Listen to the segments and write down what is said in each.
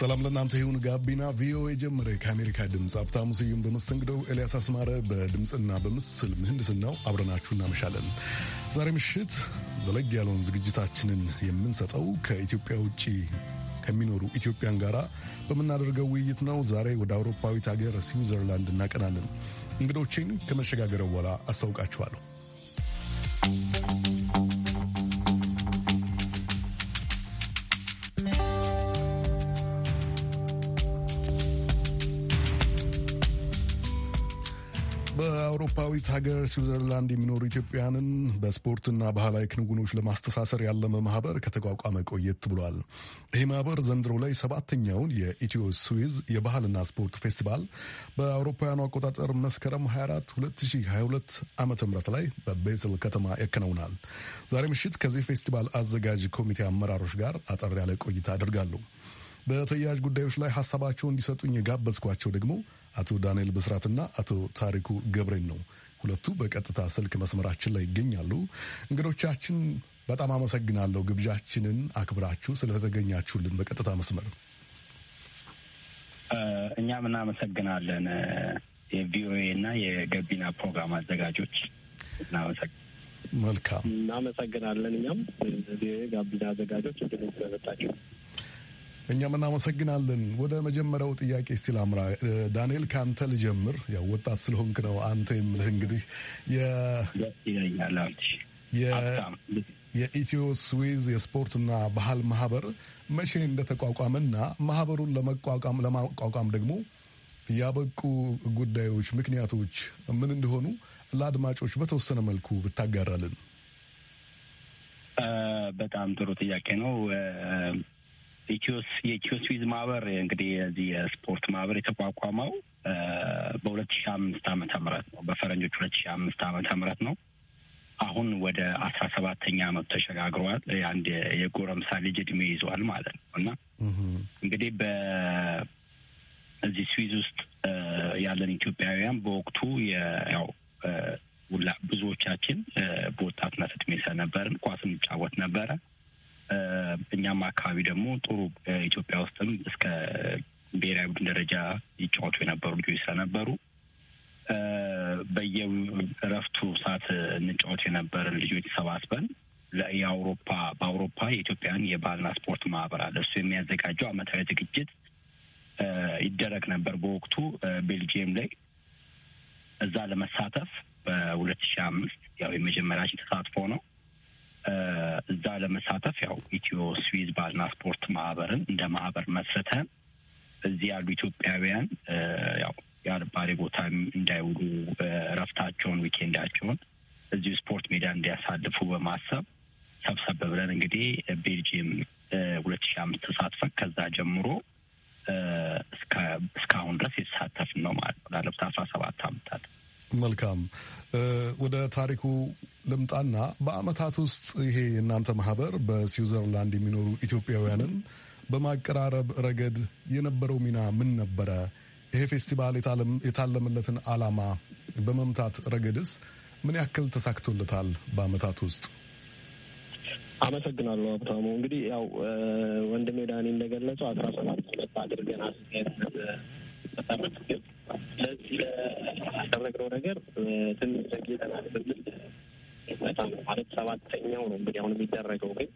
ሰላም ለእናንተ ይሁን። ጋቢና ቪኦኤ ጀመረ። ከአሜሪካ ድምፅ ሀብታሙ ስዩም በመስተንግደው፣ ኤልያስ አስማረ በድምፅና በምስል ምህንድስናው አብረናችሁ እናመሻለን። ዛሬ ምሽት ዘለግ ያለውን ዝግጅታችንን የምንሰጠው ከኢትዮጵያ ውጭ ከሚኖሩ ኢትዮጵያን ጋራ በምናደርገው ውይይት ነው። ዛሬ ወደ አውሮፓዊት ሀገር ስዊዘርላንድ እናቀናለን። እንግዶቼን ከመሸጋገረው በኋላ አስታውቃችኋለሁ። በአውሮፓዊት ሀገር ስዊዘርላንድ የሚኖሩ ኢትዮጵያውያንን በስፖርትና ባህላዊ ክንውኖች ለማስተሳሰር ያለመ ማህበር ከተቋቋመ ቆየት ብሏል። ይህ ማህበር ዘንድሮ ላይ ሰባተኛውን የኢትዮ ስዊዝ የባህልና ስፖርት ፌስቲቫል በአውሮፓውያኑ አቆጣጠር መስከረም 24 2022 ዓ ም ላይ በቤዝል ከተማ ያከናውናል። ዛሬ ምሽት ከዚህ ፌስቲቫል አዘጋጅ ኮሚቴ አመራሮች ጋር አጠር ያለ ቆይታ አድርጋለሁ። በተያያዥ ጉዳዮች ላይ ሀሳባቸው እንዲሰጡኝ የጋበዝኳቸው ደግሞ አቶ ዳንኤል ብስራትና አቶ ታሪኩ ገብሬን ነው። ሁለቱ በቀጥታ ስልክ መስመራችን ላይ ይገኛሉ። እንግዶቻችን በጣም አመሰግናለሁ። ግብዣችንን አክብራችሁ ስለተገኛችሁልን በቀጥታ መስመር እኛም እናመሰግናለን። የቪኦኤ እና የገቢና ፕሮግራም አዘጋጆች እናመሰግ መልካም እናመሰግናለን። እኛም ጋቢና አዘጋጆች እድል ስለሰጣችሁ እኛም እናመሰግናለን። ወደ መጀመሪያው ጥያቄ ስቲል አምራ ዳንኤል ከአንተ ልጀምር። ያው ወጣት ስለሆንክ ነው አንተ የምልህ እንግዲህ የኢትዮ ስዊዝ የስፖርትና ባህል ማህበር መቼ እንደተቋቋመና ማህበሩን ለመቋቋም ለማቋቋም ደግሞ ያበቁ ጉዳዮች፣ ምክንያቶች ምን እንደሆኑ ለአድማጮች በተወሰነ መልኩ ብታጋራልን። በጣም ጥሩ ጥያቄ ነው። የኢትዮስዊዝ ማህበር እንግዲህ የዚህ የስፖርት ማህበር የተቋቋመው በሁለት ሺ አምስት አመተ ምህረት ነው በፈረንጆች ሁለት ሺ አምስት አመተ ምህረት ነው። አሁን ወደ አስራ ሰባተኛ ዓመቱ ተሸጋግሯል። አንድ የጎረምሳ ልጅ እድሜ ይዟል ማለት ነው እና እንግዲህ በዚህ ስዊዝ ውስጥ ያለን ኢትዮጵያውያን በወቅቱ ያው ብዙዎቻችን በወጣትነት እድሜ ስለነበርን ኳስ እንጫወት ነበረ። እኛም አካባቢ ደግሞ ጥሩ ኢትዮጵያ ውስጥም እስከ ብሔራዊ ቡድን ደረጃ ይጫወቱ የነበሩ ልጆች ስለነበሩ በየእረፍቱ ሰዓት እንጫወት የነበረን ልጆች ሰባስበን የአውሮፓ በአውሮፓ የኢትዮጵያን የባህልና ስፖርት ማህበር አለ። እሱ የሚያዘጋጀው አመታዊ ዝግጅት ይደረግ ነበር በወቅቱ ቤልጅየም ላይ። እዛ ለመሳተፍ በሁለት ሺ አምስት ያው የመጀመሪያችን ተሳትፎ ነው። እዛ ለመሳተፍ ያው ኢትዮ ስዊዝ ባልና ስፖርት ማህበርን እንደ ማህበር መስርተን እዚህ ያሉ ኢትዮጵያውያን ያው የአልባሌ ቦታ እንዳይውሉ እረፍታቸውን፣ ዊኬንዳቸውን እዚሁ ስፖርት ሜዳ እንዲያሳልፉ በማሰብ ሰብሰብ ብለን እንግዲህ ቤልጅየም ሁለት ሺ አምስት ተሳትፈን ከዛ ጀምሮ እስካሁን ድረስ የተሳተፍን ነው ማለት ነው ላለፉት አስራ ሰባት አመታት። መልካም ወደ ታሪኩ ልምጣና በአመታት ውስጥ ይሄ የእናንተ ማህበር በስዊዘርላንድ የሚኖሩ ኢትዮጵያውያንን በማቀራረብ ረገድ የነበረው ሚና ምን ነበረ? ይሄ ፌስቲቫል የታለመለትን አላማ በመምታት ረገድስ ምን ያክል ተሳክቶለታል በአመታት ውስጥ? አመሰግናለሁ ሀብታሙ። እንግዲህ ያው ወንድሜ ዳኒ እንደገለጸው አስራ ሰባት ሁለት አድርገን አስተያየት ለዚህ ለደረግነው ነገር ትንሽ ዘግይተናል በሚል በጣም ማለት ሰባተኛው ነው እንግዲህ አሁን የሚደረገው ግን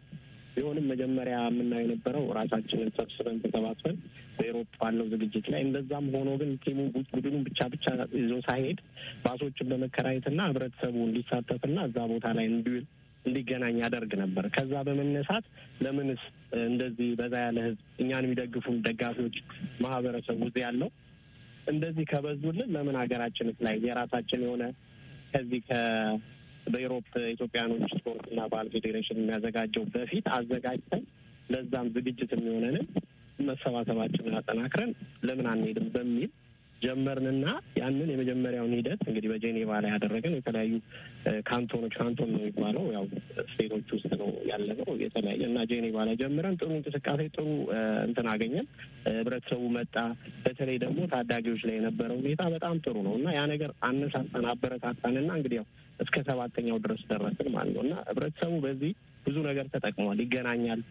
ቢሆንም መጀመሪያ የምናየው የነበረው ራሳችንን ሰብስበን ተሰባስበን በኤሮፕ ባለው ዝግጅት ላይ እንደዛም ሆኖ ግን ቲሙ ቡድኑን ብቻ ብቻ ይዞ ሳይሄድ ባሶችን በመከራየትና ህብረተሰቡ እንዲሳተፍና እዛ ቦታ ላይ እንዲውል እንዲገናኝ ያደርግ ነበር። ከዛ በመነሳት ለምንስ እንደዚህ በዛ ያለ ህዝብ እኛን የሚደግፉን ደጋፊዎች ማህበረሰቡ እዚህ ያለው እንደዚህ ከበዙልን ለምን ሀገራችንስ ላይ የራሳችን የሆነ ከዚህ በኢሮፕ ኢትዮጵያኖች ስፖርትና ባህል ፌዴሬሽን የሚያዘጋጀው በፊት አዘጋጅተን ለዛም ዝግጅት የሚሆነንን መሰባሰባችንን አጠናክረን ለምን አንሄድም በሚል ጀመርንና ያንን የመጀመሪያውን ሂደት እንግዲህ በጄኔቫ ላይ ያደረገን የተለያዩ ካንቶኖች ካንቶን ነው የሚባለው ያው ስቴቶች ውስጥ ነው ያለ ነው የተለያየ እና ጄኔቫ ላይ ጀምረን ጥሩ እንቅስቃሴ ጥሩ እንትን አገኘን። ህብረተሰቡ መጣ። በተለይ ደግሞ ታዳጊዎች ላይ የነበረው ሁኔታ በጣም ጥሩ ነው እና ያ ነገር አነሳሳን፣ አበረታታንና እንግዲህ ያው እስከ ሰባተኛው ድረስ ደረስን ማለት ነው። እና ህብረተሰቡ በዚህ ብዙ ነገር ተጠቅሟል። ይገናኛል፣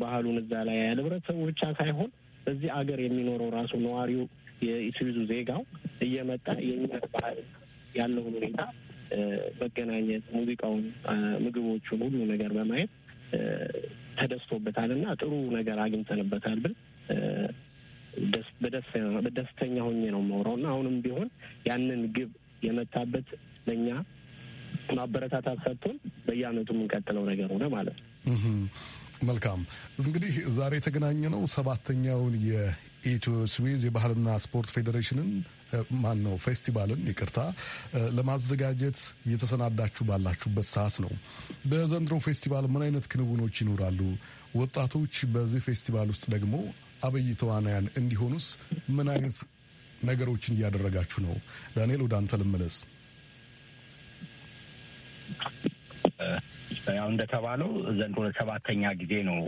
ባህሉን እዛ ላይ ያያል። ህብረተሰቡ ብቻ ሳይሆን በዚህ አገር የሚኖረው ራሱ ነዋሪው የኢስዙ ዜጋው እየመጣ የእኛን ባህል ያለውን ሁኔታ መገናኘት፣ ሙዚቃውን፣ ምግቦቹን፣ ሁሉ ነገር በማየት ተደስቶበታል እና ጥሩ ነገር አግኝተንበታል ብል በደስተኛ ሆኜ ነው የማወራው እና አሁንም ቢሆን ያንን ግብ የመታበት ለእኛ ማበረታታት ሰጥቶን በየአመቱ የምንቀጥለው ነገር ሆነ ማለት ነው። መልካም እንግዲህ ዛሬ የተገናኘ ነው ሰባተኛውን የኢትዮ ስዊዝ የባህልና ስፖርት ፌዴሬሽንን ማን ነው ፌስቲቫልን ይቅርታ ለማዘጋጀት እየተሰናዳችሁ ባላችሁበት ሰዓት ነው። በዘንድሮ ፌስቲቫል ምን አይነት ክንውኖች ይኖራሉ? ወጣቶች በዚህ ፌስቲቫል ውስጥ ደግሞ አበይ ተዋናያን እንዲሆኑስ ምን አይነት ነገሮችን እያደረጋችሁ ነው? ዳንኤል ወደ አንተ ልመለስ። ያው እንደተባለው ዘንድሮ ለሰባተኛ ጊዜ ነው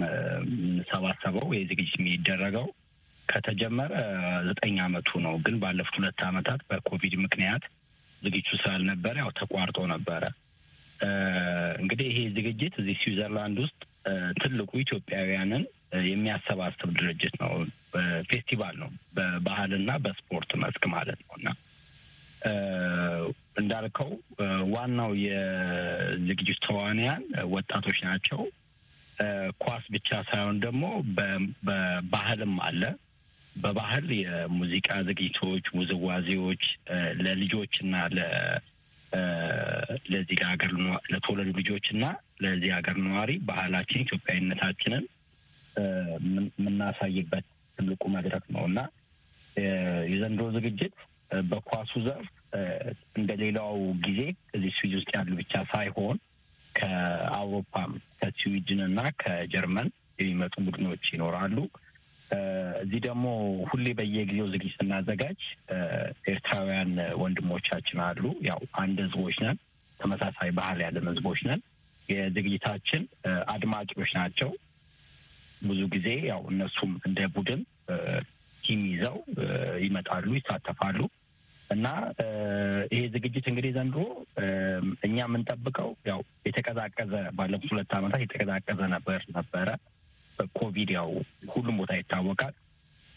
የምንሰባሰበው። ይህ ዝግጅት የሚደረገው ከተጀመረ ዘጠኝ አመቱ ነው። ግን ባለፉት ሁለት አመታት በኮቪድ ምክንያት ዝግጅቱ ስላልነበረ ያው ተቋርጦ ነበረ። እንግዲህ ይሄ ዝግጅት እዚህ ስዊዘርላንድ ውስጥ ትልቁ ኢትዮጵያውያንን የሚያሰባስብ ድርጅት ነው። ፌስቲቫል ነው፣ በባህልና በስፖርት መስክ ማለት ነው እና እንዳልከው ዋናው የዝግጅት ተዋንያን ወጣቶች ናቸው። ኳስ ብቻ ሳይሆን ደግሞ በባህልም አለ። በባህል የሙዚቃ ዝግጅቶች፣ ውዝዋዜዎች ለልጆች እና ለዚህ ሀገር ለተወለዱ ልጆች እና ለዚህ ሀገር ነዋሪ ባህላችን ኢትዮጵያዊነታችንን የምናሳይበት ትልቁ መድረክ ነው እና የዘንድሮ ዝግጅት በኳሱ ዘርፍ እንደ ሌላው ጊዜ እዚህ ስዊድ ውስጥ ያሉ ብቻ ሳይሆን ከአውሮፓም ከስዊድን እና ከጀርመን የሚመጡ ቡድኖች ይኖራሉ። እዚህ ደግሞ ሁሌ በየጊዜው ዝግጅት ስናዘጋጅ ኤርትራውያን ወንድሞቻችን አሉ። ያው አንድ ህዝቦች ነን፣ ተመሳሳይ ባህል ያለን ህዝቦች ነን። የዝግጅታችን አድማቂዎች ናቸው። ብዙ ጊዜ ያው እነሱም እንደ ቡድን ቲም ይዘው ይመጣሉ፣ ይሳተፋሉ እና ይሄ ዝግጅት እንግዲህ ዘንድሮ እኛ የምንጠብቀው ያው የተቀዛቀዘ ባለፉት ሁለት ዓመታት የተቀዛቀዘ ነበር ነበረ በኮቪድ ያው ሁሉም ቦታ ይታወቃል።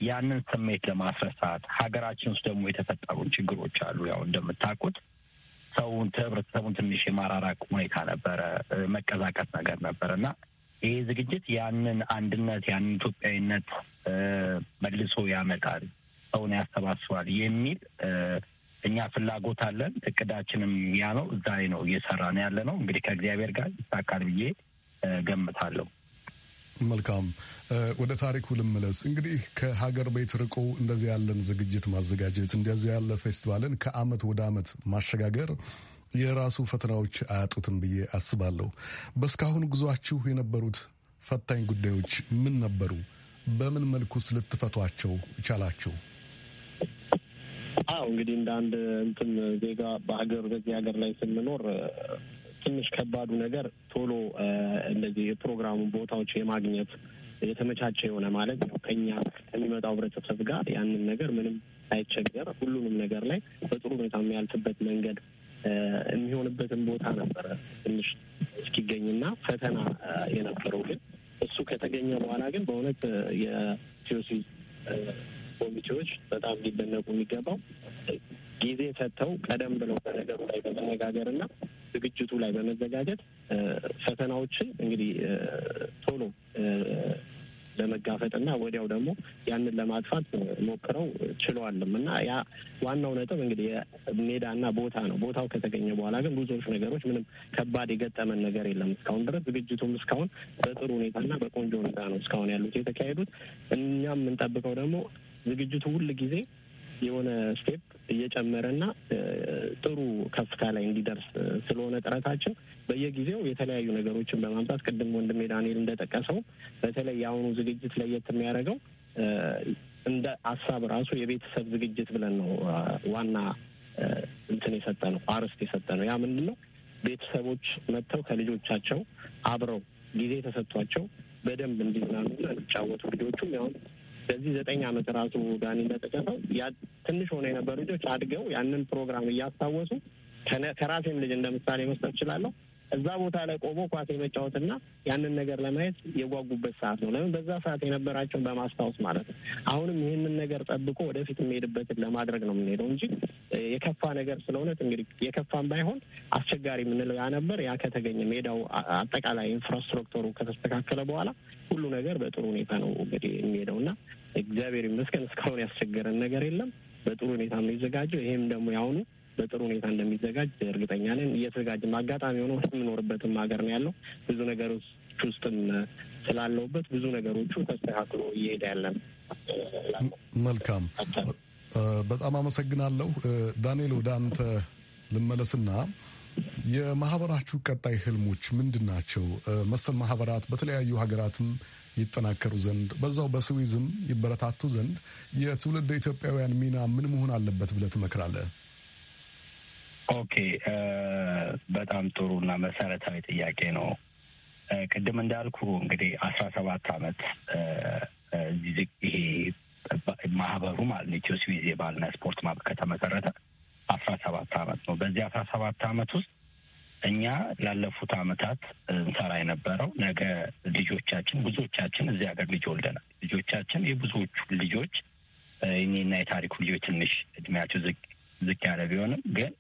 ያንን ስሜት ለማስረሳት ሀገራችን ውስጥ ደግሞ የተፈጠሩ ችግሮች አሉ። ያው እንደምታውቁት ሰውን ህብረተሰቡን ትንሽ የማራራቅ ሁኔታ ነበረ፣ መቀዛቀስ ነገር ነበረ እና ይሄ ዝግጅት ያንን አንድነት ያንን ኢትዮጵያዊነት መልሶ ያመጣል፣ ሰውን ያሰባስባል የሚል እኛ ፍላጎት አለን። እቅዳችንም ያ ነው። እዛ ላይ ነው እየሰራ ነው ያለ ነው። እንግዲህ ከእግዚአብሔር ጋር ይሳካል ብዬ ገምታለሁ። መልካም ወደ ታሪኩ ልመለስ። እንግዲህ ከሀገር ቤት ርቆ እንደዚህ ያለን ዝግጅት ማዘጋጀት እንደዚህ ያለ ፌስቲቫልን ከአመት ወደ አመት ማሸጋገር የራሱ ፈተናዎች አያጡትም ብዬ አስባለሁ። በእስካሁን ጉዟችሁ የነበሩት ፈታኝ ጉዳዮች ምን ነበሩ? በምን መልኩስ ልትፈቷቸው ቻላችሁ? አዎ እንግዲህ እንደ አንድ እንትን ዜጋ በሀገር በዚህ ሀገር ላይ ስንኖር ትንሽ ከባዱ ነገር ቶሎ እንደዚህ የፕሮግራሙ ቦታዎች የማግኘት የተመቻቸ የሆነ ማለት ያው ከኛ ከሚመጣው ህብረተሰብ ጋር ያንን ነገር ምንም ሳይቸገር ሁሉንም ነገር ላይ በጥሩ ሁኔታ የሚያልፍበት መንገድ የሚሆንበትን ቦታ ነበረ ትንሽ እስኪገኝና ፈተና የነበረው ግን እሱ ከተገኘ በኋላ ግን በእውነት የቲዮሲ ኮሚቴዎች በጣም ሊደነቁ የሚገባው ጊዜ ሰጥተው ቀደም ብለው በነገሩ ላይ በመነጋገር እና ዝግጅቱ ላይ በመዘጋጀት ፈተናዎችን እንግዲህ ቶሎ ለመጋፈጥ እና ወዲያው ደግሞ ያንን ለማጥፋት ሞክረው ችሏልም እና ያ ዋናው ነጥብ እንግዲህ ሜዳና ቦታ ነው። ቦታው ከተገኘ በኋላ ግን ብዙዎች ነገሮች ምንም ከባድ የገጠመን ነገር የለም እስካሁን ድረስ። ዝግጅቱም እስካሁን በጥሩ ሁኔታና በቆንጆ ሁኔታ ነው እስካሁን ያሉት የተካሄዱት። እኛም የምንጠብቀው ደግሞ ዝግጅቱ ሁል ጊዜ የሆነ ስቴፕ እየጨመረና ጥሩ ከፍታ ላይ እንዲደርስ ስለሆነ ጥረታችን በየጊዜው የተለያዩ ነገሮችን በማምጣት ቅድም ወንድሜ ዳንኤል እንደጠቀሰው በተለይ የአሁኑ ዝግጅት ለየት የሚያደርገው እንደ ሀሳብ ራሱ የቤተሰብ ዝግጅት ብለን ነው ዋና እንትን የሰጠ ነው አርስት የሰጠ ነው። ያ ምንድን ነው? ቤተሰቦች መጥተው ከልጆቻቸው አብረው ጊዜ ተሰጥቷቸው በደንብ እንዲዝናኑና እንዲጫወቱ ልጆቹም ያሁን በዚህ ዘጠኝ ዓመት ራሱ ዳኒ እንደጠቀሰው ትንሽ ሆነ የነበሩ ልጆች አድገው ያንን ፕሮግራም እያስታወሱ ከራሴም ልጅ እንደ ምሳሌ መስጠት እችላለሁ። እዛ ቦታ ላይ ቆሞ ኳስ የመጫወትና ያንን ነገር ለማየት የጓጉበት ሰዓት ነው። ለምን በዛ ሰዓት የነበራቸውን በማስታወስ ማለት ነው። አሁንም ይህንን ነገር ጠብቆ ወደፊት የሚሄድበትን ለማድረግ ነው የምንሄደው እንጂ የከፋ ነገር ስለ እውነት እንግዲህ የከፋም ባይሆን አስቸጋሪ የምንለው ያ ነበር። ያ ከተገኘ ሜዳው አጠቃላይ ኢንፍራስትራክቸሩ ከተስተካከለ በኋላ ሁሉ ነገር በጥሩ ሁኔታ ነው እንግዲህ የሚሄደው እና እግዚአብሔር ይመስገን እስካሁን ያስቸገረን ነገር የለም። በጥሩ ሁኔታ የሚዘጋጀው ይሄም ደግሞ ያሁኑ በጥሩ ሁኔታ እንደሚዘጋጅ እርግጠኛ ነን። አጋጣሚ ሆኖ የምኖርበትም ሀገር ነው ያለው ብዙ ነገሮች ውስጥም ስላለውበት ብዙ ነገሮቹ ተስተካክሎ እየሄደ ያለ ነው። መልካም በጣም አመሰግናለሁ። ዳንኤል ወደ አንተ ልመለስና የማህበራችሁ ቀጣይ ህልሞች ምንድን ናቸው? መሰል ማህበራት በተለያዩ ሀገራትም ይጠናከሩ ዘንድ በዛው በስዊዝም ይበረታቱ ዘንድ የትውልድ ኢትዮጵያውያን ሚና ምን መሆን አለበት ብለህ ትመክራለህ? ኦኬ፣ በጣም ጥሩ እና መሰረታዊ ጥያቄ ነው። ቅድም እንዳልኩ እንግዲህ አስራ ሰባት አመት ይሄ ማህበሩ ማለት ነው ኢትዮ ስዊዝ የባህልና ስፖርት ማህበር ከተመሰረተ አስራ ሰባት አመት ነው። በዚህ አስራ ሰባት አመት ውስጥ እኛ ላለፉት አመታት እንሰራ የነበረው ነገ ልጆቻችን ብዙዎቻችን እዚህ ሀገር ልጅ ወልደናል። ልጆቻችን የብዙዎቹ ልጆች እኔና የታሪኩ ልጆች ትንሽ እድሜያቸው ዝቅ ያለ ቢሆንም ግን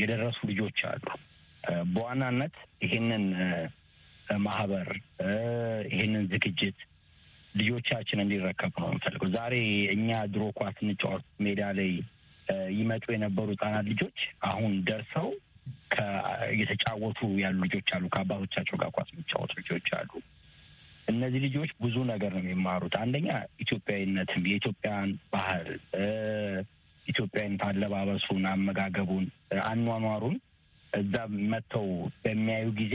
የደረሱ ልጆች አሉ። በዋናነት ይህንን ማህበር ይህንን ዝግጅት ልጆቻችን እንዲረከቡ ነው የምፈልገው። ዛሬ እኛ ድሮ ኳስ እንጫወት ሜዳ ላይ ይመጡ የነበሩ ህጻናት ልጆች አሁን ደርሰው እየተጫወቱ ያሉ ልጆች አሉ። ከአባቶቻቸው ጋር ኳስ የሚጫወቱ ልጆች አሉ። እነዚህ ልጆች ብዙ ነገር ነው የሚማሩት። አንደኛ ኢትዮጵያዊነትም የኢትዮጵያን ባህል፣ ኢትዮጵያዊነት አለባበሱን፣ አመጋገቡን፣ አኗኗሩን እዛ መጥተው በሚያዩ ጊዜ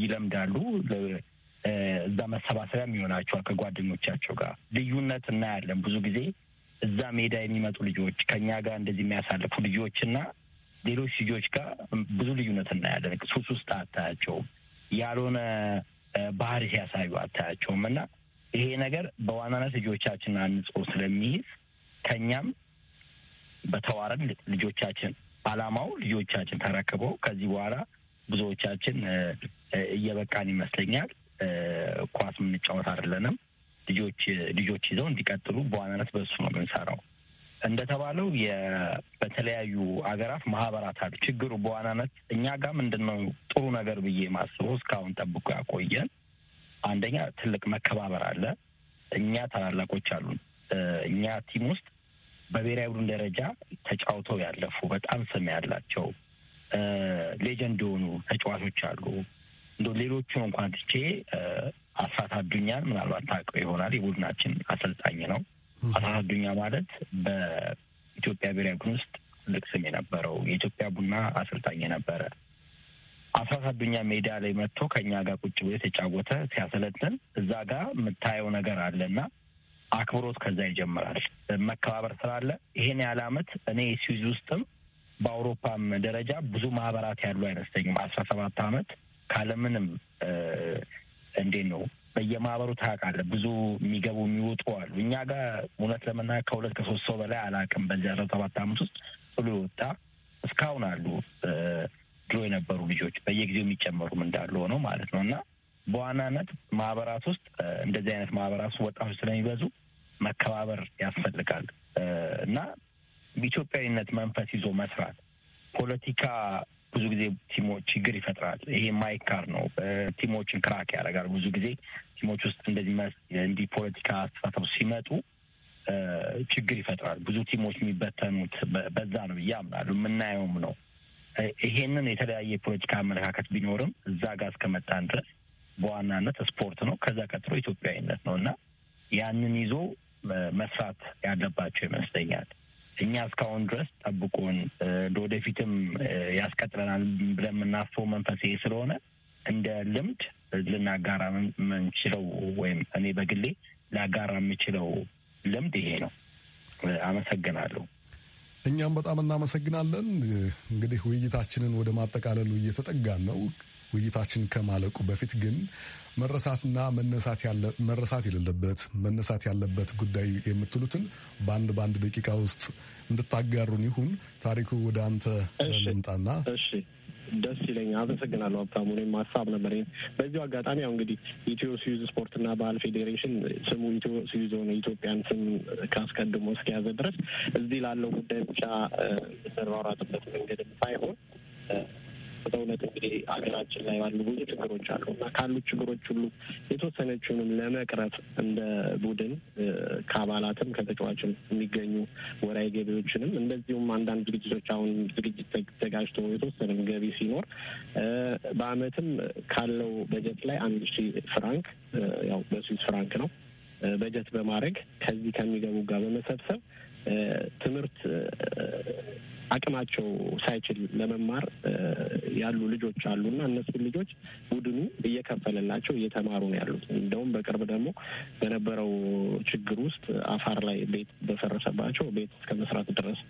ይለምዳሉ። እዛ መሰባሰቢያ የሚሆናቸዋል ከጓደኞቻቸው ጋር ልዩነት እናያለን። ብዙ ጊዜ እዛ ሜዳ የሚመጡ ልጆች ከእኛ ጋር እንደዚህ የሚያሳልፉ ልጆችና ሌሎች ልጆች ጋር ብዙ ልዩነት እናያለን። ሱስ ውስጥ አታያቸውም፣ ያልሆነ ባህሪ ሲያሳዩ አታያቸውም። እና ይሄ ነገር በዋናነት ልጆቻችን አንጾ ስለሚይዝ ከእኛም በተዋረድ ልጆቻችን አላማው ልጆቻችን ተረክበው ከዚህ በኋላ ብዙዎቻችን እየበቃን ይመስለኛል። ራሱ የምንጫወት አይደለንም። ልጆች ልጆች ይዘው እንዲቀጥሉ በዋናነት በሱ ነው የምንሰራው። እንደተባለው በተለያዩ ሀገራት ማህበራት አሉ። ችግሩ በዋናነት እኛ ጋር ምንድን ነው ጥሩ ነገር ብዬ ማስበው እስካሁን ጠብቆ ያቆየን አንደኛ ትልቅ መከባበር አለ። እኛ ታላላቆች አሉ። እኛ ቲም ውስጥ በብሔራዊ ቡድን ደረጃ ተጫውተው ያለፉ በጣም ስም ያላቸው ሌጀንድ የሆኑ ተጫዋቾች አሉ። እንደ ሌሎቹን እንኳን ትቼ አስራት አዱኛን ምናልባት ታውቀው ይሆናል። የቡድናችን አሰልጣኝ ነው። አስራት አዱኛ ማለት በኢትዮጵያ ብሔራዊ ቡድን ውስጥ ትልቅ ስም የነበረው የኢትዮጵያ ቡና አሰልጣኝ የነበረ አስራት አዱኛ ሜዳ ላይ መጥቶ ከእኛ ጋር ቁጭ ብሎ የተጫወተ ሲያሰለጥን እዛ ጋር የምታየው ነገር አለና አክብሮት ከዛ ይጀምራል። መከባበር ስላለ ይሄን ያህል ዓመት እኔ ስዊዝ ውስጥም በአውሮፓም ደረጃ ብዙ ማህበራት ያሉ አይመስለኝም። አስራ ሰባት ዓመት ካለምንም እንዴት ነው በየማህበሩ ታውቃለህ፣ ብዙ የሚገቡ የሚወጡ አሉ። እኛ ጋር እውነት ለመናገር ከሁለት ከሶስት ሰው በላይ አላውቅም። በዚህ አስራ ሰባት አመት ውስጥ ብሎ የወጣ እስካሁን አሉ ድሮ የነበሩ ልጆች በየጊዜው የሚጨመሩም እንዳሉ ሆነ ማለት ነው። እና በዋናነት ማህበራት ውስጥ እንደዚህ አይነት ማህበራት ውስጥ ወጣቶች ስለሚበዙ መከባበር ያስፈልጋል እና በኢትዮጵያዊነት መንፈስ ይዞ መስራት ፖለቲካ ብዙ ጊዜ ቲሞች ችግር ይፈጥራል። ይሄ ማይካር ነው። ቲሞችን ክራክ ያደርጋል። ብዙ ጊዜ ቲሞች ውስጥ እንደዚህ እንዲህ ፖለቲካ አስተሳሰብ ሲመጡ ችግር ይፈጥራል። ብዙ ቲሞች የሚበተኑት በዛ ነው ብዬ አምናለሁ። የምናየውም ነው። ይሄንን የተለያየ የፖለቲካ አመለካከት ቢኖርም እዛ ጋር እስከመጣን ድረስ በዋናነት ስፖርት ነው። ከዛ ቀጥሎ ኢትዮጵያዊነት ነው እና ያንን ይዞ መስራት ያለባቸው ይመስለኛል። እኛ እስካሁን ድረስ ጠብቆን ለወደፊትም ያስቀጥለናል ብለን የምናስበው መንፈስ ስለሆነ እንደ ልምድ ልናጋራ የምንችለው ወይም እኔ በግሌ ላጋራ የምችለው ልምድ ይሄ ነው። አመሰግናለሁ። እኛም በጣም እናመሰግናለን። እንግዲህ ውይይታችንን ወደ ማጠቃለሉ እየተጠጋን ነው። ውይይታችን ከማለቁ በፊት ግን መረሳትና መረሳት የሌለበት መነሳት ያለበት ጉዳይ የምትሉትን በአንድ በአንድ ደቂቃ ውስጥ እንድታጋሩን ይሁን። ታሪኩ ወደ አንተ ልምጣና ደስ ይለኛል። አመሰግናለሁ ሀብታሙ። እኔም ሀሳብ ነበር በዚሁ አጋጣሚ ያው እንግዲህ ኢትዮ ስዊዝ ስፖርትና ባህል ፌዴሬሽን ስሙ ኢትዮ ስዊዝ የሆነ ኢትዮጵያን ስም ካስቀድሞ እስከያዘ ድረስ እዚህ ላለው ጉዳይ ብቻ የምንሯሯጥበት መንገድም ሳይሆን በእውነት እንግዲህ ሀገራችን ላይ ባሉ ብዙ ችግሮች አሉ እና ካሉ ችግሮች ሁሉ የተወሰነችውንም ለመቅረፍ እንደ ቡድን ከአባላትም ከተጫዋችም የሚገኙ ወራዊ ገቢዎችንም እንደዚሁም አንዳንድ ዝግጅቶች አሁን ዝግጅት ተዘጋጅቶ የተወሰነም ገቢ ሲኖር በአመትም ካለው በጀት ላይ አንድ ሺ ፍራንክ ያው በስዊስ ፍራንክ ነው በጀት በማድረግ ከዚህ ከሚገቡ ጋር በመሰብሰብ ትምህርት አቅማቸው ሳይችል ለመማር ያሉ ልጆች አሉ እና እነሱን ልጆች ቡድኑ እየከፈለላቸው እየተማሩ ነው ያሉት። እንደውም በቅርብ ደግሞ በነበረው ችግር ውስጥ አፋር ላይ ቤት በፈረሰባቸው ቤት እስከ መስራት ድረስ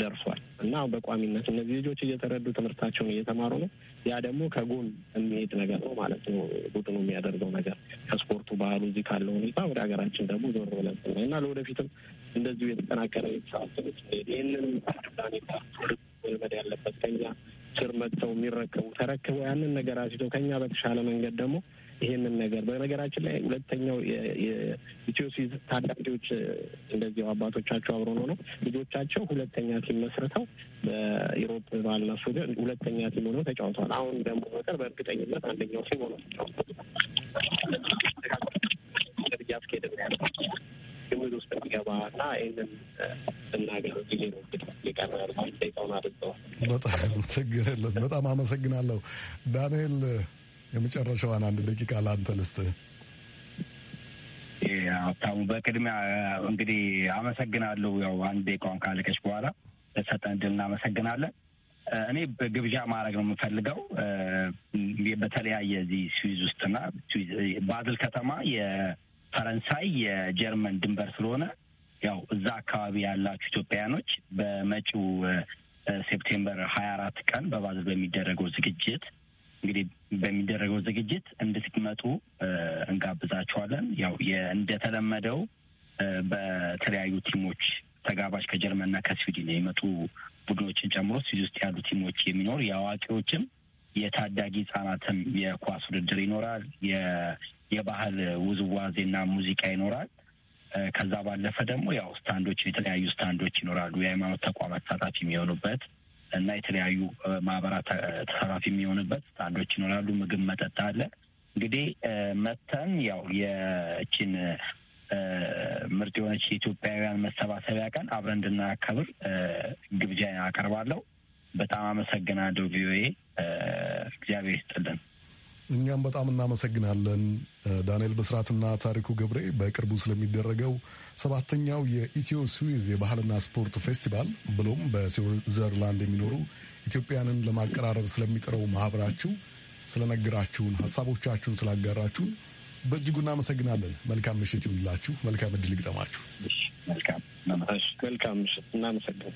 ደርሷል እና በቋሚነት እነዚህ ልጆች እየተረዱ ትምህርታቸውን እየተማሩ ነው። ያ ደግሞ ከጎን የሚሄድ ነገር ነው ማለት ነው። ቡድኑ የሚያደርገው ነገር ከስፖርቱ ባህሉ እዚህ ካለው ሁኔታ ወደ ሀገራችን ደግሞ ዞር ብለን እና ለወደፊትም እንደዚሁ የተጠናከረ የተሰራ ይህንን ፕላኔታ ትውልድ መልመድ ያለበት ከኛ ስር መጥተው የሚረከቡ ተረክበው ያንን ነገር አስይዘው ከኛ በተሻለ መንገድ ደግሞ ይህንን ነገር በነገራችን ላይ ሁለተኛው የኢትዮሲዝ ታዳጊዎች እንደዚያው አባቶቻቸው አብሮ አብረን ነው ልጆቻቸው ሁለተኛ ቲም መስርተው በኢሮፕ ባልነሱ ሁለተኛ ቲም ሆነው ተጫውተዋል። አሁን ደግሞ በቀር በእርግጠኝነት አንደኛው ቲም ሆነው ተጫውተዋል። እያስኬደ ነው ያለው ወደ ውስጥ ሚገባ እና ይህንን ስናገር ጊዜ ነው እንግዲህ የቀረ ያልኳል። ደቂቃውን አድርገዋል። በጣም ችግር የለም። በጣም አመሰግናለሁ ዳንኤል። የመጨረሻዋን አንድ ደቂቃ ለአንተ ልስጥህ። ሀብታሙ በቅድሚያ እንግዲህ አመሰግናለሁ። ያው አንድ ደቂቃውን ካለቀች በኋላ ለሰጠን እድል እናመሰግናለን። እኔ በግብዣ ማድረግ ነው የምፈልገው በተለያየ እዚህ ስዊዝ ውስጥና ባዝል ከተማ ፈረንሳይ የጀርመን ድንበር ስለሆነ ያው እዛ አካባቢ ያላችሁ ኢትዮጵያውያኖች በመጪው ሴፕቴምበር ሀያ አራት ቀን በባዘል በሚደረገው ዝግጅት እንግዲህ በሚደረገው ዝግጅት እንድትመጡ እንጋብዛችኋለን። ያው እንደተለመደው በተለያዩ ቲሞች ተጋባዥ ከጀርመንና ከስዊድን የመጡ ቡድኖችን ጨምሮ ስዊድ ውስጥ ያሉ ቲሞች የሚኖር የአዋቂዎችም የታዳጊ ህጻናትም የኳስ ውድድር ይኖራል። የባህል ውዝዋዜና ሙዚቃ ይኖራል። ከዛ ባለፈ ደግሞ ያው ስታንዶች የተለያዩ ስታንዶች ይኖራሉ። የሃይማኖት ተቋማት ተሳታፊ የሚሆኑበት እና የተለያዩ ማህበራት ተሳታፊ የሚሆኑበት ስታንዶች ይኖራሉ። ምግብ መጠጥ አለ። እንግዲህ መተን ያው የእችን ምርጥ የሆነች የኢትዮጵያውያን መሰባሰቢያ ቀን አብረን እንድናከብር ግብዣ አቀርባለሁ። በጣም አመሰግናለሁ ቪኦኤ፣ እግዚአብሔር ይስጥልን። እኛም በጣም እናመሰግናለን ዳንኤል ብስራትና ታሪኩ ገብሬ በቅርቡ ስለሚደረገው ሰባተኛው የኢትዮ ስዊዝ የባህልና ስፖርት ፌስቲቫል ብሎም በስዊዘርላንድ የሚኖሩ ኢትዮጵያንን ለማቀራረብ ስለሚጥረው ማህበራችሁ ስለነገራችሁን፣ ሀሳቦቻችሁን ስላጋራችሁን በእጅጉ እናመሰግናለን። መልካም ምሽት ይሁንላችሁ። መልካም እድል ይግጠማችሁ። መልካም ምሽት። እናመሰግናለን።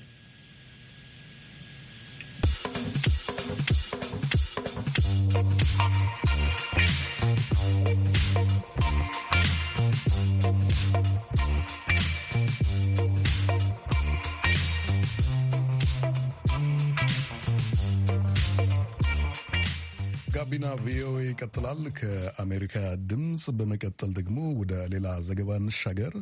ጋቢና ቪኦኤ ይቀጥላል። ከአሜሪካ ድምፅ በመቀጠል ደግሞ ወደ ሌላ ዘገባ እንሻገር።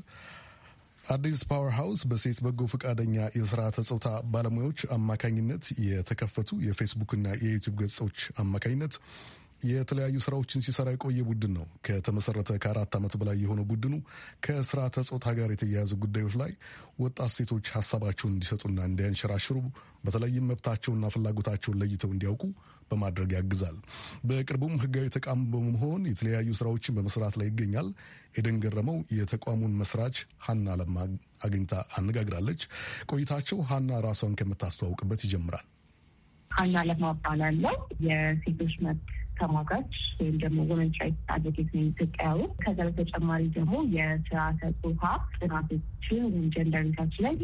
አዲስ ፓወር ሃውስ በሴት በጎ ፈቃደኛ የስርዓተ ፆታ ባለሙያዎች አማካኝነት የተከፈቱ የፌስቡክና የዩቲዩብ ገጾች አማካኝነት የተለያዩ ስራዎችን ሲሰራ የቆየ ቡድን ነው። ከተመሰረተ ከአራት ዓመት በላይ የሆነ ቡድኑ ከስርዓተ ጾታ ጋር የተያያዙ ጉዳዮች ላይ ወጣት ሴቶች ሀሳባቸውን እንዲሰጡና እንዲያንሸራሽሩ በተለይም መብታቸውና ፍላጎታቸውን ለይተው እንዲያውቁ በማድረግ ያግዛል። በቅርቡም ህጋዊ ተቋም በመሆን የተለያዩ ስራዎችን በመስራት ላይ ይገኛል። ኤደን ገረመው የተቋሙን መስራች ሀና ለማ አግኝታ አነጋግራለች። ቆይታቸው ሀና ራሷን ከምታስተዋውቅበት ይጀምራል። ሀና ለማ እባላለሁ የሴቶች መብት ተሟጋች ወይም ደግሞ ወመንስ ራይትስ አድቮኬት ነው ኢትዮጵያ ውስጥ። ከዛ በተጨማሪ ደግሞ የስርዓተ ፆታ ጥናቶችን ወይም ጀንደር ቤታችን ላይ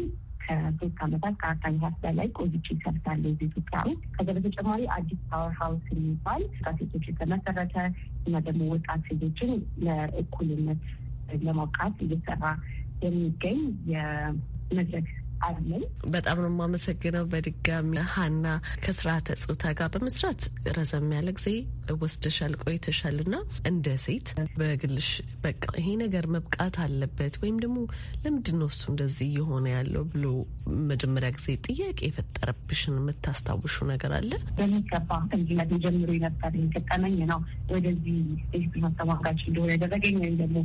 ከሶስት ዓመታት ከአራት ዓመታት በላይ ቆይቼ ሰርታለሁ እዚህ ኢትዮጵያ ውስጥ። ከዛ በተጨማሪ አዲስ ፓወር ሀውስ የሚባል ወጣት ሴቶች የተመሰረተ እና ደግሞ ወጣት ሴቶችን ለእኩልነት ለማብቃት እየሰራ የሚገኝ የመድረክ አለን። በጣም ነው የማመሰግነው። በድጋሚ ሀና፣ ከስርዓተ ጾታ ጋር በመስራት ረዘም ያለ ጊዜ ወስደሻል፣ ቆይተሻል እና እንደ ሴት በግልሽ በቃ ይሄ ነገር መብቃት አለበት ወይም ደግሞ ለምንድን ነው እሱ እንደዚህ እየሆነ ያለው ብሎ መጀመሪያ ጊዜ ጥያቄ የፈጠረብሽን የምታስታውሹ ነገር አለ? በሚገባ ከልጅነት ጀምሮ የነበር ገጠመኝ ነው ወደዚህ ስ መተማጋች እንደሆነ ያደረገኝ ወይም ደግሞ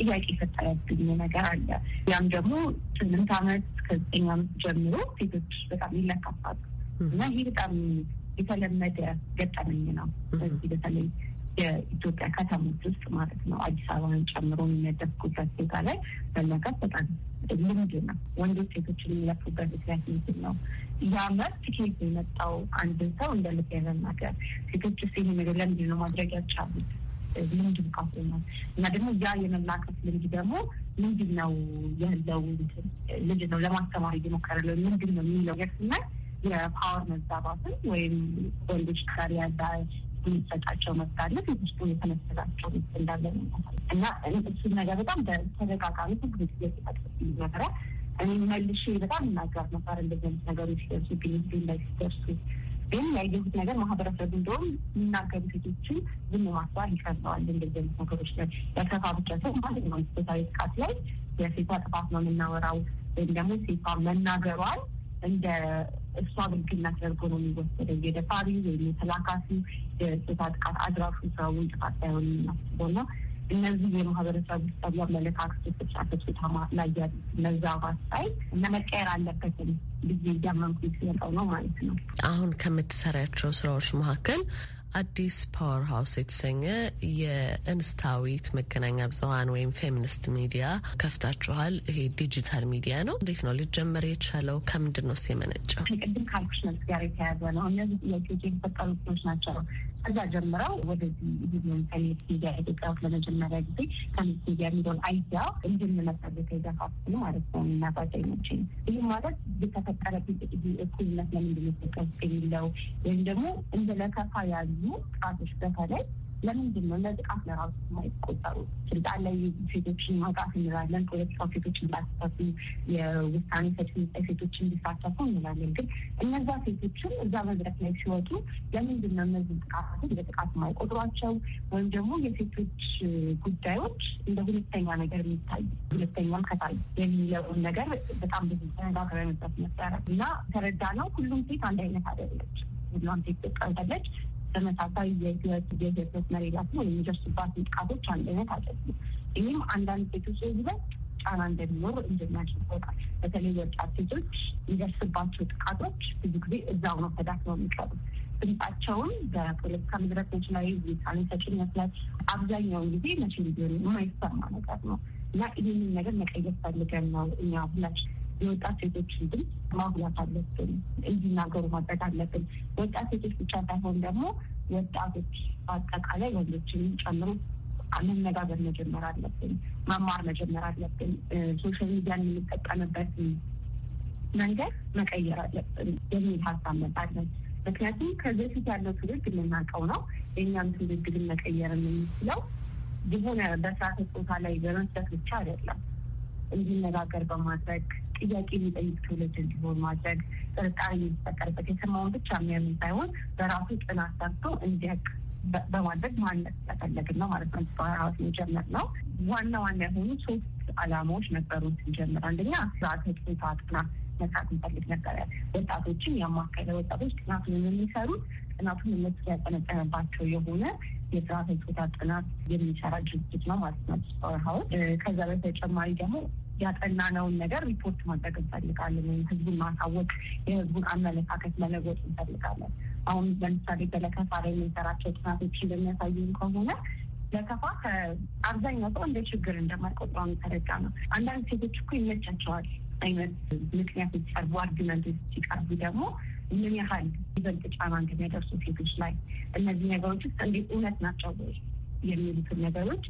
ጥያቄ የፈጠረብኝ ነገር አለ። ያም ደግሞ ስምንት ዓመት ከዘጠኝ ዓመት ጀምሮ ሴቶች በጣም ይለካፋሉ እና ይህ በጣም የተለመደ ገጠመኝ ነው። በዚህ በተለይ የኢትዮጵያ ከተሞች ውስጥ ማለት ነው። አዲስ አበባን ጨምሮ የሚነደፍኩበት ቦታ ላይ መለካት በጣም ልምድ ነው። ወንዶች ሴቶችን የሚለፉበት ምክንያት ምንድን ነው? ያ መብት ከየት የመጣው? አንድን ሰው እንደ ልብ መናገር ሴቶች ውስጥ ይህ ነገር ለምንድን ነው ማድረግ ያልቻሉት? ልምድ ብቃት ነው እና ደግሞ ያ የመላቀስ ልምድ ደግሞ ምንድን ነው ያለው ልምድ ነው ለማስተማር እየሞከረ ለ ምንድን ነው የሚለው ነገር ስናይ የፓወር መዛባትን ወይም ወንዶች ጋር ያለ የሚሰጣቸው መጋለት ውስጡ የተመሰላቸው እንዳለ እና እሱን ነገር በጣም በተደጋጋሚ ትግር ሲጠጥ ነበረ እኔ መልሼ በጣም እናገር ነበር እንደዚህ ነገሮች ደርሱ ግንኙነት ላይ ሲደርሱ ግን ያየሁት ነገር ማህበረሰብ እንደውም የሚናገሩ ሴቶችን ዝም ማስተዋል ይፈልገዋል። እንደዚህ አይነት ነገሮች ላይ ያሰፋ ብቻ ሰው ማለት ነው። ሴታዊ ጥቃት ላይ የሴቷ ጥፋት ነው የምናወራው ወይም ደግሞ ሴቷ መናገሯል እንደ እሷ ብልግና ተደርጎ ነው የሚወሰደው። የደፋሪ ወይም የተላካሲ የሴታ ጥቃት አድራሹ ሰውን ጥፋት ሳይሆን የሚያስበው ነው እነዚህ የማህበረሰብ ውስጣዊ አመለካከቶች አተችታማ ላይ ያሉ እነዛ ባሳይ መቀየር አለበትም ብዬ እያመንኩ ያለው ነው ማለት ነው። አሁን ከምትሰሪያቸው ስራዎች መካከል አዲስ ፓወር ሀውስ የተሰኘ የእንስታዊት መገናኛ ብዙሀን ወይም ፌሚኒስት ሚዲያ ከፍታችኋል። ይሄ ዲጂታል ሚዲያ ነው። እንዴት ነው ሊጀመር የቻለው? ከምንድን ነው የመነጨው? ቅድም ካልኩሽ መልስ ጋር የተያዘ ነው። እነዚህ ጥያቄዎች የተፈጠሩ ናቸው። ከዛ ጀምረው ወደዚህ ጊዜን ከኔት ሚዲያ ኢትዮጵያውስጥ ለመጀመሪያ ጊዜ ከኔት ሚዲያ የሚለውን አይዲያ እንድንመሰረት የገፋፉ ማለት ነው እና ጓደኞች ይህም ማለት የተፈጠረብኝ እኩልነት ለምንድን ነው የሚለው ወይም ደግሞ እንደ ለከፋ ያሉ ጥቃቶች በተለይ ለምንድን ነው ለጥቃት ለራሱ የማይቆጠሩ ስልጣን ላይ ሴቶችን ማውጣት እንላለን። ፖለቲካ ሴቶች እንዳይሳተፉ፣ የውሳኔ ሰጪ ሴቶች እንዲሳተፉ እንላለን። ግን እነዛ ሴቶችም እዛ መድረክ ላይ ሲወጡ ለምንድን ነው እነዚህ ጥቃቶች ለጥቃት የማይቆጥሯቸው ወይም ደግሞ የሴቶች ጉዳዮች እንደ ሁለተኛ ነገር የሚታይ ሁለተኛም ከታይ የሚለውን ነገር በጣም ብዙ ተነጋግረንበት ነበረ እና ተረዳ ነው ሁሉም ሴት አንድ አይነት አይደለች። ሁሉም ሴት ትቀበለች ተመሳሳይ የህይወት የህብረት መሬላት ነው የሚደርሱባት ጥቃቶች አንድ አይነት አይደለም። ይህም አንዳንድ ሴቶች ይበል ጫና እንደሚኖር እንደሚያደርጎታል። በተለይ ወጣት ሴቶች የሚደርስባቸው ጥቃቶች ብዙ ጊዜ እዛው ነው ተዳክመው የሚቀሩት። ድምጻቸውን በፖለቲካ መድረኮች ላይ ውሳኔ ሰጭነት ላይ አብዛኛውን ጊዜ መቼም ቢሆን የማይሰማ ነገር ነው እና ይህንን ነገር መቀየር ፈልገን ነው እኛ ሁላችን የወጣት ሴቶችን ድምፅ ማጉላት አለብን፣ እንዲናገሩ ማድረግ አለብን። ወጣት ሴቶች ብቻ ሳይሆን ደግሞ ወጣቶች በአጠቃላይ ወንዶችን ጨምሮ መነጋገር መጀመር አለብን፣ መማር መጀመር አለብን። ሶሻል ሚዲያን የምንጠቀምበት መንገድ መቀየር አለብን የሚል ሀሳብ መጣለን። ምክንያቱም ከዚህ ፊት ያለው ትውልድ የምናውቀው ነው። የእኛም ትውልድ ግን መቀየር የምንችለው የሆነ በስርዓተ ፆታ ላይ በመስጠት ብቻ አይደለም፣ እንዲነጋገር በማድረግ ጥያቄ የሚጠይቅ ትውልድ እንዲሆን ማድረግ ጥርጣሬ የሚፈጠርበት የሰማውን ብቻ የሚያምን ሳይሆን በራሱ ጥናት ሰርቶ እንዲያቅ በማድረግ ማነት ያፈለግን ነው ማለት ነው። ፓወርሃውስ የጀመር ነው። ዋና ዋና የሆኑ ሶስት አላማዎች ነበሩ ስንጀምር፣ አንደኛ ስርዓተ ፆታ ጥናት መስራት እንፈልግ ነበረ። ወጣቶችን ያማከለ ወጣቶች ጥናቱን የሚሰሩት ጥናቱን እነሱ ያጠነጠነባቸው የሆነ የስርዓተ ፆታ ጥናት የሚሰራ ድርጅት ነው ማለት ነው ፓወርሃውስ። ከዛ በተጨማሪ ደግሞ ያጠናነውን ነገር ሪፖርት ማድረግ እንፈልጋለን። ወይም ህዝቡን ማሳወቅ፣ የህዝቡን አመለካከት መለወጥ እንፈልጋለን። አሁን ለምሳሌ በለከፋ ላይ የምንሰራቸው ጥናቶች እንደሚያሳዩም ከሆነ ለከፋ አብዛኛው ሰው እንደ ችግር እንደማይቆጥረው የተረዳ ነው። አንዳንድ ሴቶች እኮ ይመቻቸዋል አይነት ምክንያት ሲቀርቡ፣ አርጊመንቶች ሲቀርቡ ደግሞ ምን ያህል ይበልጥ ጫና እንደሚያደርሱ ሴቶች ላይ እነዚህ ነገሮች ውስጥ እንዴት እውነት ናቸው ወይ የሚሉትን ነገሮች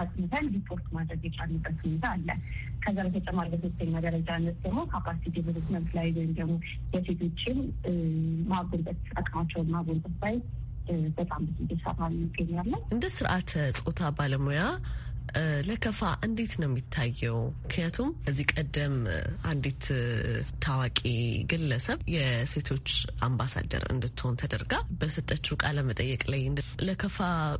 አጥንተን ሪፖርት ማድረግ የቻልንበት ሁኔታ አለ። ከዛ በተጨማሪ በሶስተኛ ደረጃ ነት ደግሞ ካፓሲቲ ዴቨሎፕመንት ላይ ወይም ደግሞ የሴቶችን ማጎልበት አቅማቸውን ማጎልበት ላይ በጣም ብዙ እየሰራን እንገኛለን። እንደ ስርዓተ ጾታ ባለሙያ ለከፋ እንዴት ነው የሚታየው? ምክንያቱም ከዚህ ቀደም አንዲት ታዋቂ ግለሰብ የሴቶች አምባሳደር እንድትሆን ተደርጋ በሰጠችው ቃለ መጠየቅ ላይ ለከፋ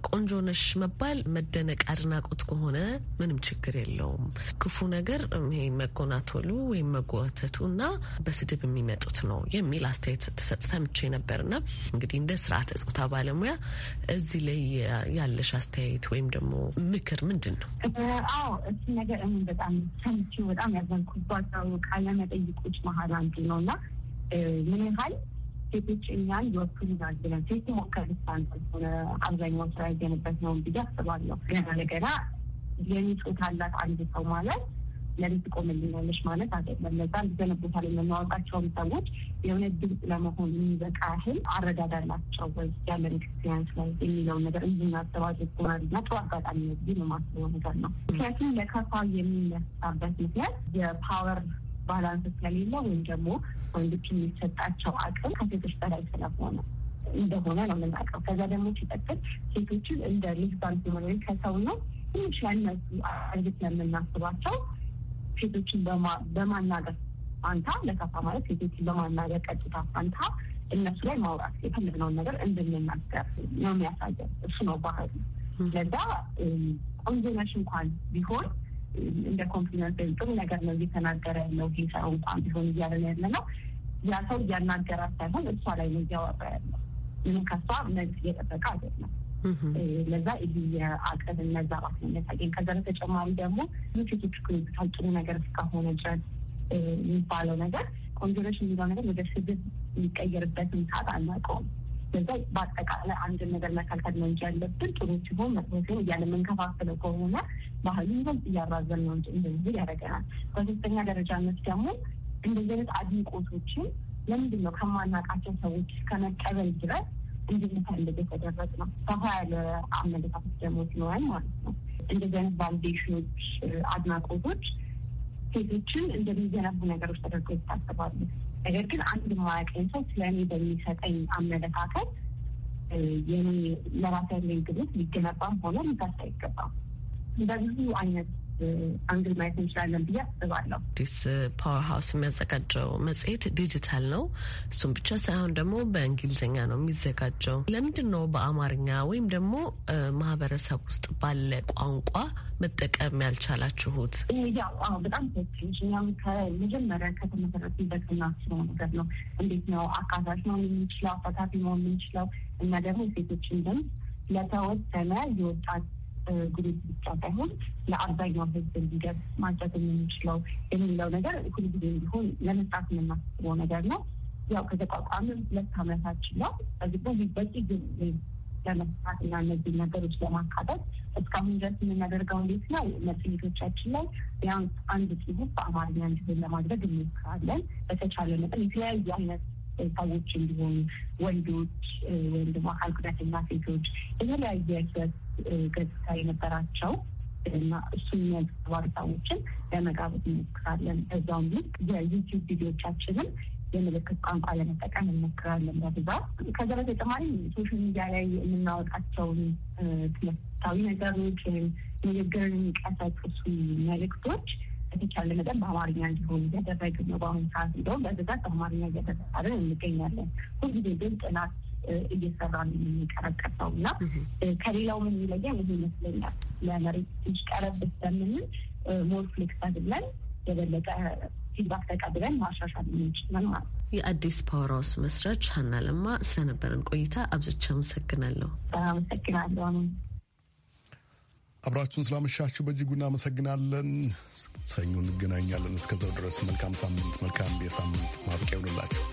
ቆንጆ ነሽ መባል መደነቅ፣ አድናቆት ከሆነ ምንም ችግር የለውም። ክፉ ነገር ይሄ መጎናቶሉ ወይም መጓተቱ እና በስድብ የሚመጡት ነው የሚል አስተያየት ስትሰጥ ሰምቼ ነበርና እንግዲህ እንደ ስርዓተ ጾታ ባለሙያ እዚህ ላይ ያለሽ አስተያየት ወይም ደግሞ ምክር ምንድን ምንድን ነው? አዎ እሱ ነገር እኔ በጣም ሰምቼው በጣም ያዘንኩባቸው ቃለ መጠይቆች መሀል አንዱ ነው እና ምን ያህል ሴቶች እኛን ይወክሉናል ብለን ሴት ሞከር ሆነ አብዛኛው ስራ ያየንበት ነው ብዬ አስባለሁ። ገና ለገና የኔ አላት አንድ ሰው ማለት ለቤት ቆምልኛለች ማለት አይደለም። ለዛ ዘነ ላይ የምናወቃቸውም ሰዎች የሆነ ድምፅ ለመሆን የሚበቃ ያህል አረዳዳላቸው ወይ ያለን ኤክስፔሪንስ ላይ የሚለውን ነገር እንድናስብ አድርጎናል እና ጥሩ አጋጣሚ ነው ብዬ የማስበው ነገር ነው። ምክንያቱም ለከፋ የሚነሳበት ምክንያት የፓወር ባላንስ ስለሌለ ወይም ደግሞ ወንዶች የሚሰጣቸው አቅም ከሴቶች በላይ ስለሆነ እንደሆነ ነው የምናውቀው። ከዛ ደግሞ ሲጠቅል ሴቶችን እንደ ሌስ ባንድ ወይም ከሰው ነው ትንሽ ያነሱ አርግት ለምናስባቸው ሴቶችን በማናገር አንታ ለካፋ ማለት ሴቶችን በማናገር ቀጥታ አንታ እነሱ ላይ ማውራት የፈለግነውን ነገር እንድንናገር ነው የሚያሳየው። እሱ ነው ባህል። ለዛ ቆንጆ ነሽ እንኳን ቢሆን እንደ ኮንፊደንስ ወይም ጥሩ ነገር ነው እየተናገረ ያለው ሰው እንኳን ቢሆን እያለን ያለ ነው። ያ ሰው እያናገራት ሳይሆን እሷ ላይ ነው እያወራ ያለው። ምንም ከሷ መብት እየጠበቀ አይደለም። Mm-hmm. Eh, ለዛ የአቅብ እነዛ ራስነት አገኝ ከዛ በተጨማሪ ደግሞ ፊቶች ኩኝታል ጥሩ ነገር እስካሆነ ድረስ የሚባለው ነገር ኮንጀሬሽን የሚለው ነገር ወደ ስድብ የሚቀየርበትን ሰዓት አናውቀውም። ለዛ በአጠቃላይ አንድን ነገር መከልከል ነው እንጂ ያለብን ጥሩ ሲሆን መጥቶ እያለ የምንከፋፍለው ከሆነ ባህሉ ይበልጥ እያራዘን ነው እንጂ እንደዚህ ያደርገናል። በሶስተኛ ደረጃነት ደግሞ እንደዚህ አይነት አድንቆቶችን ለምንድን ነው ከማናቃቸው ሰዎች እስከመቀበል ድረስ እንድንፈልግ የተደረግ ነው። ሰፋ ያለ አመለካከት ደግሞ ሲኖረን ማለት ነው። እንደዚህ አይነት ቫሊዴሽኖች፣ አድናቆቶች ሴቶችን እንደሚገነቡ ነገሮች ተደርገው ይታሰባሉ። ነገር ግን አንድ ማያውቀኝ ሰው ስለ በሚሰጠኝ አመለካከት የኔ ለራሴ ያለኝ ግምት ሊገነባም ሆነ ሊታሳ አይገባም። በብዙ አይነት አንግል ማየት እንችላለን ብዬ አስባለሁ። አዲስ ፓወር ሀውስ የሚያዘጋጀው መጽሔት ዲጂታል ነው። እሱም ብቻ ሳይሆን ደግሞ በእንግሊዝኛ ነው የሚዘጋጀው። ለምንድን ነው በአማርኛ ወይም ደግሞ uh, ማህበረሰብ ውስጥ ባለ ቋንቋ መጠቀም ያልቻላችሁት? ያው በጣም እኛም ከመጀመሪያ ከተመሰረትበት ምናስበው ነገር ነው። እንዴት ነው አካታች ነው የምንችለው፣ አሳታፊ መሆን የምንችለው እና ደግሞ ሴቶችን ድምፅ ለተወሰነ የወጣት ግሩፕ ብቻ ሳይሆን ለአብዛኛው ህዝብ እንዲደርስ ማድረግ የምንችለው የሚለው ነገር ሁልጊዜ እንዲሆን ለመስራት የምናስበው ነገር ነው። ያው ከተቋቋምም ሁለት አመታችን ነው። በዚህ በዚህ በቂ ጊዜ ለመስራት እና እነዚህ ነገሮች ለማካተት እስካሁን ድረስ የምናደርገው እንዴት ነው? መጽሄቶቻችን ላይ ቢያንስ አንድ ጽሁፍ በአማርኛ እንዲሆን ለማድረግ እንሞክራለን። በተቻለ መጠን የተለያዩ አይነት ሰዎች እንዲሆኑ ወንዶች ወይም ደግሞ አካል ጉዳተኛ ሴቶች የተለያየ ድረስ ገጽታ የነበራቸው እና እሱን የሚያዝባር ሰዎችን ለመጋበዝ እንሞክራለን። በዛውም ልክ የዩቲዩብ ቪዲዮቻችንን የምልክት ቋንቋ ለመጠቀም እንሞክራለን በብዛት። ከዛ በተጨማሪ ሶሻል ሚዲያ ላይ የምናወጣቸውን ትምህርታዊ ነገሮች ወይም ንግግርን የሚቀሰቅሱ መልእክቶች በተቻለ መጠን በአማርኛ እንዲሆን እያደረግን ነው። በአሁኑ ሰዓት እንደውም በብዛት በአማርኛ እያደረግን እንገኛለን። ሁልጊዜ ግን ጥናት እየሰራ ነው የሚቀረቀጠው እና ከሌላው ምን ይለያል? ይህ ይመስለኛል ለመሬት ትንሽ ቀረብ ስለምንል ሞር ፍሌክስ አድለን የበለጠ ፊድባክ ተቀብለን ማሻሻል የምንችለን ማለት ነው። የአዲስ ፓወር ሃውስ መስራች ሀና ለማ ስለነበረን ቆይታ አብዝቻ አመሰግናለሁ። አመሰግናለሁ። አብራችሁን ስላመሻችሁ በእጅጉ እናመሰግናለን። ሰኞ እንገናኛለን። እስከዛው ድረስ መልካም ሳምንት፣ መልካም የሳምንት ማብቂያ ይሆንላችሁ።